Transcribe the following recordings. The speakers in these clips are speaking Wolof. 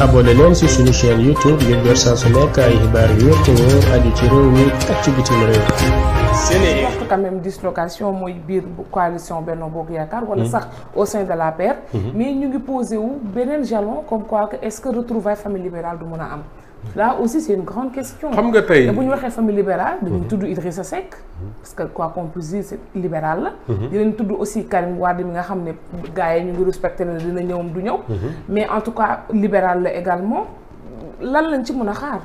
abonné leen ci suñu chaîne YouTube ngir saa su nekk yu wér te wóor aju ci réew mi ak ci bitim réew. Sénégal quand même dislocation mooy biir coalition Benno Bokk Yaakaar. wala hmm. sax au sein de la paire. Hmm. mais ñu ngi posé wu beneen jalon comme quoi que est-ce que retrouvailles famille libérale du mën a am. là aussi seen est une grande question. xam nga tey bu ñu waxee famille libérale. dinañ mhm. tudd Idrissa Seck. parce que quoi qu' on puisse dire c' est libéral mhm. tudd aussi Karim Wade mi nga xam ne gars yi ñu ngi respecté ne dina ñëwam du ñëw. Mhm. mais en tout cas libéral la également lan lañ ci mën a xaar.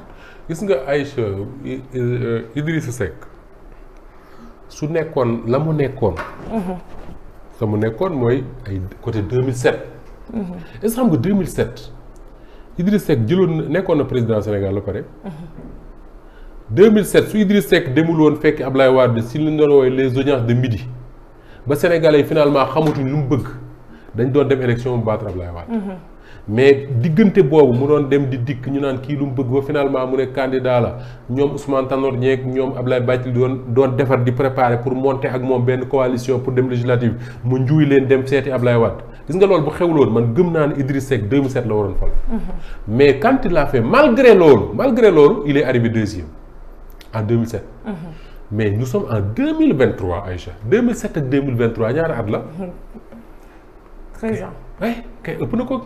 gis nga ay euh, Idrissa Seck su nekkoon la mu nekkoon. la mu nekkoon mooy ay côté 2007. est ce xam nga 2007. Idriss Seck jëloon nekkoon na président Sénégal la pare. 2007 su Idriss Seck demul woon fekk Ablaye Wade si li ñu doon woowee les audiences de midi ba sénégalais yi finalement xamatuñ lu mu bëgg dañ doon dem élection mu battre Ablaye Wade. Mm-hmm. mais diggante boobu mu doon dem di dikk ñu naan kii lu mu bëgg ba finalement mu ne candidat la ñoom Ousmane Tanor Dieng ñoom Abdoulaye Bathily doon doon defar di préparer pour monter ak moom benn coalition pour dem législative mu njuuy leen dem seeti Abdoulaye Wade gis nga loolu bu xewloon man gëm naa ni Idriss Seck 2007 la waroon fal. Mhm. mais quand il a fait malgré loolu malgré loolu il est arrivé deuxième en 2007. Mhm. mais nous sommes en 2023 Aïcha 2007 ak 2023 ñaari at la. 13 ans. eh kay ëpp na ko.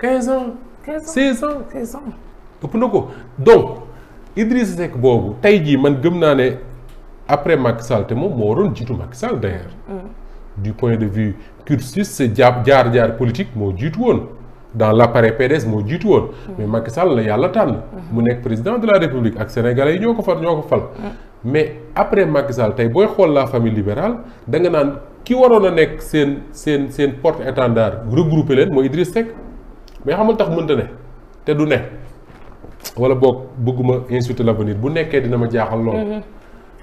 quinze ans. 15 ans 16 ans 16 ans. ëpp na ko donc Idriss Seck boobu tey jii man gëm naa ne après Macky Sall te moom moo waroon jiitu Macky Sall d'ailleurs. Mm. du point de vue cursus sa jaar jaar politique moo jiitu woon dans l'appareil PDS moo jiitu woon. Mm. mais Macky Sall la yàlla tànn. Mm. mu nekk président de la République ak sénégalais yi ñoo ko far ñoo ko fal. mais après Macky Sall tey booy xool la famille libérale da nga naan. ki waroon a nekk seen seen seen porte étendard regroupé leen mooy Idriss Seck mais xamal tax mënta ne te du ne wala boog bëgguma insulter l'avenir bu nekkee dina ma jaaxal lool. Mm-hmm.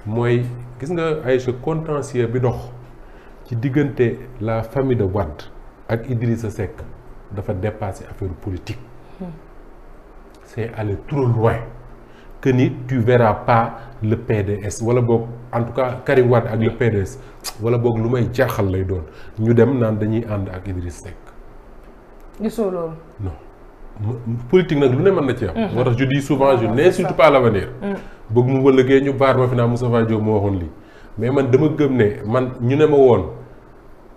mooy gis nga ay ce contentieux bi dox ci diggante la famille de Wade ak Idrissa Seck dafa dépasser affaire politique. Mm-hmm. c'est aller trop loin. que ni tu verras pas le PDS wala boog en tout cas Karim Wade ak le PDS wala boog lu may jaaxal lay doon ñu dem naan dañuy ànd ak Idriss Seck. gisoo loolu. non politique nag lu ne mën na ci am. Mm-hmm. moo tax je dis souvent je mm-hmm. n'insulte pas l'avenir. Mm-hmm. bëgg mu wëllëgee ñu baar ma fi naa Moustapha Diop moo waxoon lii mais man dama gëm ne man ñu ne ma woon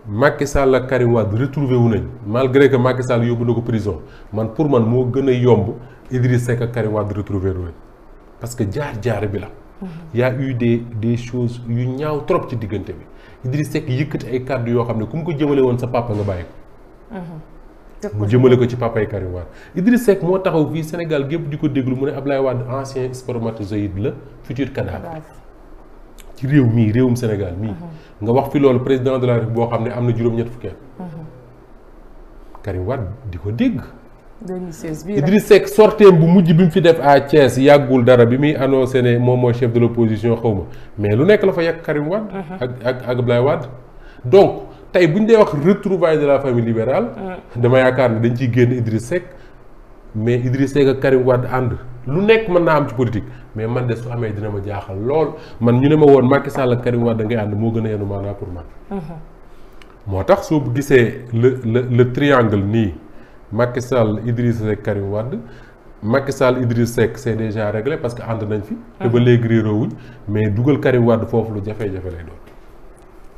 Macky Sall ak Karim Wade retrouvé wu nañ malgré que Macky Sall yóbbu na ko prison man pour man moo gën a yomb Idriss Seck ak Karim Wade retrouvé wu nañ parce que jaar-jaar bi la. y a eu des des yu ñaaw trop ci diggante bi Idriss Seck yëkkati ay kàddu yoo xam ne ku mu ko jëmale woon sa papa nga bàyyi ko. mu jëmale ko ci papa yi Karim moo taxaw fii Sénégal gépp di ko déglu mu ne Ablaye Wade ancien spermatozoïde la futur cadavre. ci réew mii réewum Sénégal mii. Mhm. nga wax fi loolu président de la boo xam ne am na juróom-ñett fukki at. Mhm. di ko dégg. 2016 bii Idriss Seck sorteem bu mujj bi mu fi def à Thiès yàggul dara bi muy annoncé ne moom mooy chef de l' opposition mais lu nekk la fa yàgg Karim Wade. Uh-huh. ak ak ak Abdoulaye donc tey bu ñu dee wax retrouvailles de la famille libérale. Uh-huh. dama yaakaar ne dañ ciy génn Idriss Seck mais Idriss Seck ak Karim Wade ànd. lu nekk mën naa am ci politique mais man de su amee dina ma jaaxal lool man ñu ne ma woon Macky Sall ak Karim Wade da ngay ànd moo gën a yenu maanaa pour man. Uh-huh. moo tax soo gisee le le le triangle nii. Macky Sall Idriss Seck Karim Wade Macky Sall Idriss Seck c' est déjà réglé parce que ànd nañ fi. te ba ah. léegi réeroowuñ mais dugal Karim Wade foofu lu jafe-jafe lay doon.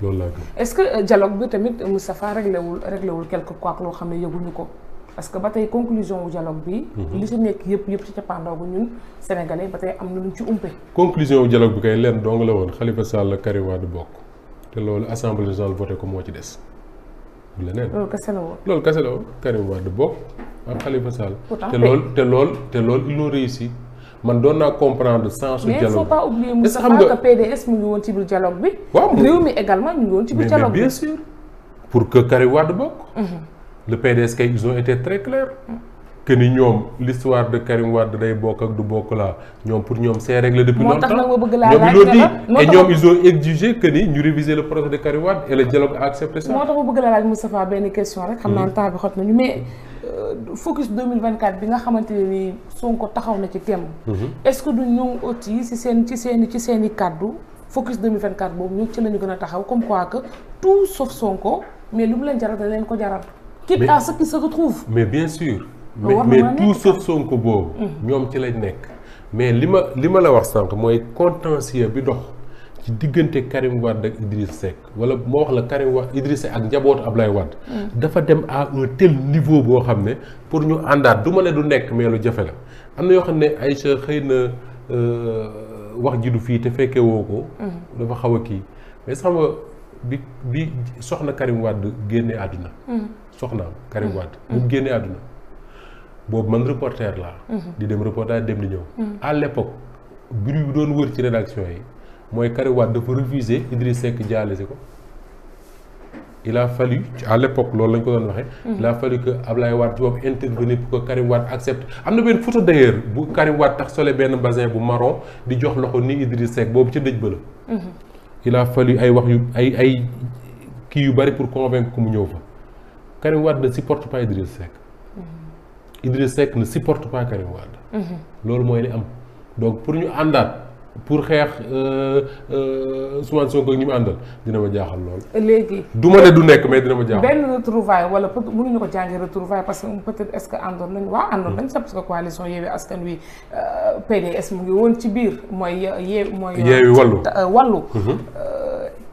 loolu la gëm est-ce que euh, dialogue bi tamit Moustapha réglé wul réglé wul quelque quoi loo xam ne yëguñu ko parce que ba tey conclusion wu dialogue bi. Mhm. li ci nekk yëpp yëpp ci cappaandaw gu ñun sénégalais ba tey am na luñ ci umpe. conclusion wu dialogue bi kay leen dong la woon Khalifa Sall Karim Wade bokk te loolu assemblée nationale ko moo ci des. leneen loolu kese la woon loolu kese la woon Karim Wade bokk ak Khalifa Sall. te lool te lool te lool ils l'ont réussi man doon naa comprendre sans su dialogue mais il faut pas oublier Moustapha que PDS mu ngi woon ci biir dialogue bi. waaw réew mi également ñu ngi woon ci biir dialogue bi pour que Karim Wade bokk. Mhm. le PDS kay ils ont été très clairs. Mhm. que ni ñoom l'histoire de Karim Wade day bokk ak du bokk laa ñoom pour ñoom c'est réglé depuis longtemps ñoom ils a accepté ça. moo tax ma bëgg la laaj Moustapha benn question rek. xam naa mm. temps bi xot nañu mais euh, focus bi nga xamante ne nii Sonko taxaw na ci thème. Mm-hmm. est-ce que du ñoom aussi ci seen ci seen ci seen i kàddu focus 2024 boobu ñu ci la gën a taxaw comme quoi que tout sauf Sonko mais lu mu leen jaral da leen ko jaral. quitte à ce qui se retrouve mais bien sûr. Ah, mais mais tout sauf Sonko boobu. Mm-hmm. ñoom ci lañ nekk. mais li ma li ma la wax sànq mooy contentieux bi dox ci diggante Karim Wade ak Idriss Seck wala moo wax la Karim Wade Idriss Seck ak njabootu Ablaye Wade. Mm. dafa dem à un niveau boo xam ne pour ñu àndaat du ma ne du nekk mais lu jafe la am na yoo xam ne ay sa xëy na euh, wax ji du fii te fekke woo ko. Mm-hmm. dafa xaw a kii mais sax bi bi soxna Karim Wade génne àdduna. Mm-hmm. soxnaam Karim Wade. mu génne àdduna. boobu man reporter laa. Mhm. di dem reportage dem di ñëw. Mhm. à l'époque bruit bi doon wër ci rédaction yi mooy Karim Wade dafa refuser Idriss Seck jaalise ko. il a fallu à loolu lañ ko doon waxee. Mhm. il a fallu que Ablaye Wade ci boppam intervenir pour que am na benn photo d'ailleurs bu Karim tax sole benn basin bu maro di jox loxo ni Idriss Seck boobu ca dëj ba la. il a ay wax yu ay ay kii yu bari pour convaincre ku mu ñëw fa Karim Wade ne pas Idriss Seck. Idriss Seck ne supporte pas Karim Wade. loolu mooy li am donc pour ñu àndaat. pour xeex euh, euh, Ousmane Sonko ñi mu àndal dina ma jaaxal lool. léegi du ma ne du nekk mais dina ma jaaxal. benn retrouvaille wala peut mënuñu ko jàngee retrouvaille parce que peut-être est-ce que àndoon nañu waa àndoon nañu sax parce que coalition Yewwi Askan Wi euh, PDS mu ngi woon ci biir mooy Yewwi mooy. Yewwi Wallu Wallu. Mhm.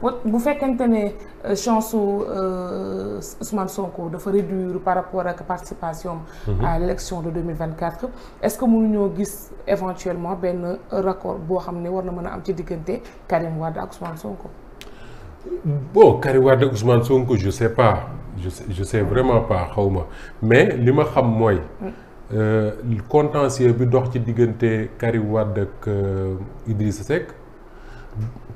bu fekkente ne euh, chance su euh, Ousmane Sonko dafa réduire par rapport ak participation mhm. à l'élection de 2024 est-ce que ñoo gis éventuellement benn raccord boo xam ne war na mën a am ci diggante Karim Wade ak Ousmane Sonko boo Karim Wade ak Ousmane Sonko je sais pas je sais je vraiment pas xaw ma mais li ma xam mooy mm. euh, contentieux bi dox ci diggante Karim Wade ak Idrissa Seck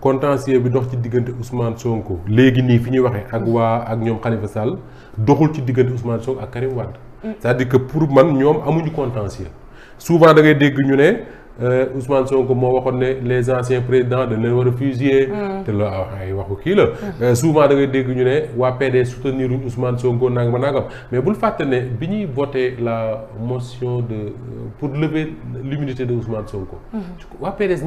contentieux bi dox ci diggante Ousmane Sonko léegi nii fi ñuy waxee ak waa ak ñoom Khalifa Sall doxul ci diggante Ousmane Sonko ak Karim Wade. cest à que pour man ñoom amuñu contentieux souvent da ngay dégg ñu ne euh, Ousmane Sonko moo waxoon ne les anciens présidents de leen war a fusiller. Mm. te loolu ah, ay waxu kii la. Mm. Euh, souvent da ngay dégg ñu ne waa PD soutenir uñ Ousmane Sonko nangam nangam mais bul fàtte ne bi ñuy boote la motion de euh, pour lever l'immunité de Ousmane Sonko. Mm. waa PDS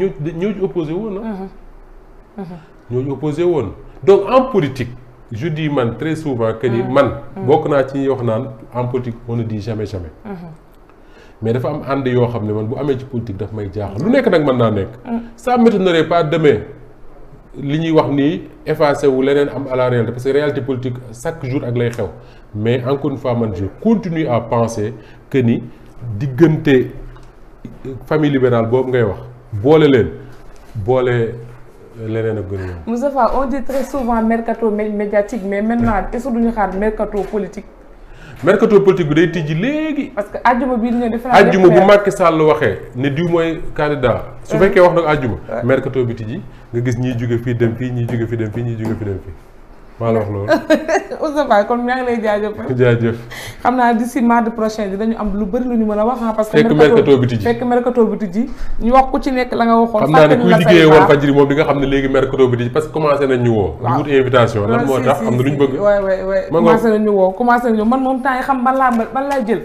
ñooñu opposé woon donc en politique je dis man très souvent que mm. man mm. bokk naa ci ñuy wax naan en politique on ne dit jamais mm-hmm. mais dafa am ànd yoo xam ne man bu amee ci politique daf may jaaxal lu mm. nekk nag mën naa nekk ça m'étonnerait pas demain li ñuy wax nii effacé wu leneen am à la réalité parce que réalité politique chaque jour ak lay xew mais encore une fois man je continue à penser que ni diggante famille libérale boobu ngay wax boole leen boole leneen ak gën Moustapha on dit très souvent mercato médiatique mais maintenant est-ce que duñu xaar mercato politique. mercato politique bi day tijji léegi. parce que àjjuma bii ñu ne def àjjuma bu Macky Sall waxee ne diw mooy candidat. su fekkee wax na ko àjjuma. mercato bi tijji nga gis ñiy jóge fii dem fii ñiy jóge fii dem fii ñiy jóge fii dem fii. maa la wax loolu. Ousseynou kon ñaa ngi lay jaajëfal. jaajëf. xam naa d'ici mardi prochain dinañu am lu bëri lu ñu mën a wax ah. parce que mercato bi tijji fekk mercato bi tijji ñu wax ku ci nekk la nga waxoon. xam naa ne kuy liggéeyee woon Fadjri moom di nga xam ne léegi mercato bi tijji parce que commencé woo. waaw wut invitation lan moo tax am na lu ñu bëgg. waay waay waay commencé woo commencé nañ ñu man moom temps xam ban laa jël.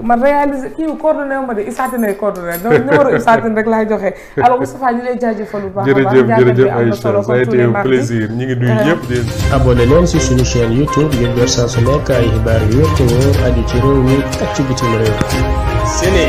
man réaliser kii coordonné ma de Issa Tine coordonné donc numéro Issa rek laay joxe alors Moustapha ñu lay jaajëfal bu baax a baax jërëjëf Aïcha ça a été un plaisir ñu ngi nuyu euh. ñëpp di abonné leen si suñu chaîne YouTube ngir jot saa su nekk xibaar yu wér te wóor aju ci réew mi ak ci bitim réew